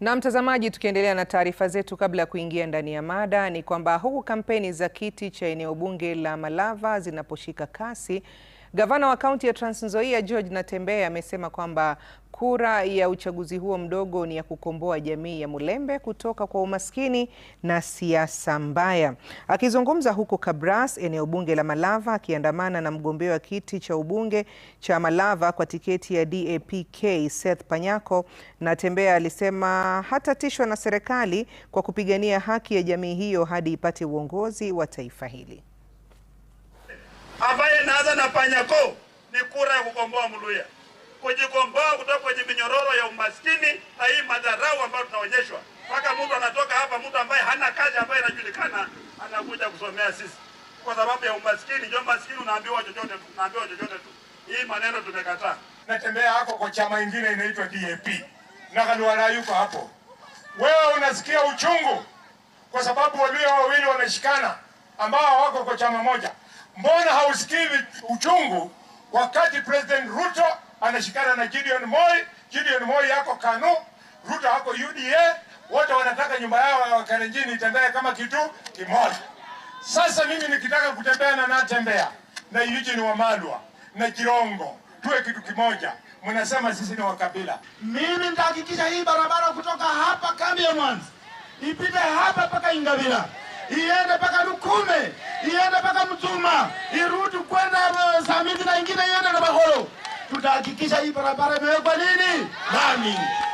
Na mtazamaji, tukiendelea na taarifa zetu, kabla ya kuingia ndani ya mada, ni kwamba huku kampeni za kiti cha eneo bunge la Malava zinaposhika kasi, gavana wa kaunti ya Trans Nzoia George Natembeya amesema kwamba Kura ya uchaguzi huo mdogo ni ya kukomboa jamii ya Mulembe kutoka kwa umaskini na siasa mbaya. Akizungumza huko Kabras, eneo bunge la Malava, akiandamana na mgombea wa kiti cha ubunge cha Malava kwa tiketi ya DAP-K Seth Panyako, Natembeya alisema hatatishwa na serikali kwa kupigania haki ya jamii hiyo hadi ipate uongozi wa taifa hili. Ambaye naanza na Panyako ni kura ya kukomboa Muluya kujikomboa kutoka kwenye minyororo ya umaskini na hii madharau ambayo tunaonyeshwa, mpaka mtu anatoka hapa, mtu ambaye hana kazi, ambaye anajulikana, anakuja kusomea sisi kwa sababu ya umaskini. Ndio maskini, unaambiwa chochote tu, unaambiwa chochote tu. Hii maneno tumekataa. Natembea hako kwa chama ingine inaitwa DAP na Kaliwala yuko hapo, wewe unasikia uchungu kwa sababu walio wawili wameshikana ambao wako kwa chama moja. Mbona hausikii uchungu wakati President Ruto anashikana na Gideon Moi. Gideon Moi yako KANU, Ruto yako UDA, wote wanataka nyumba yao ya Wakalenjin itandae kama kitu kimoja. Sasa mimi nikitaka kutembea na natembea na Eugene Wamalwa na Kirongo, tuwe kitu kimoja. Mnasema sisi ni wakabila. Mimi nitahakikisha hii barabara kutoka hapa kambi ya Mwanza ipite hapa mpaka Ingabila, iende mpaka Lukume, iende mpaka Mtuma, irudi kwenda eh, Samiti na ingine iende tutahakikisha hii barabara imewekwa nini lami.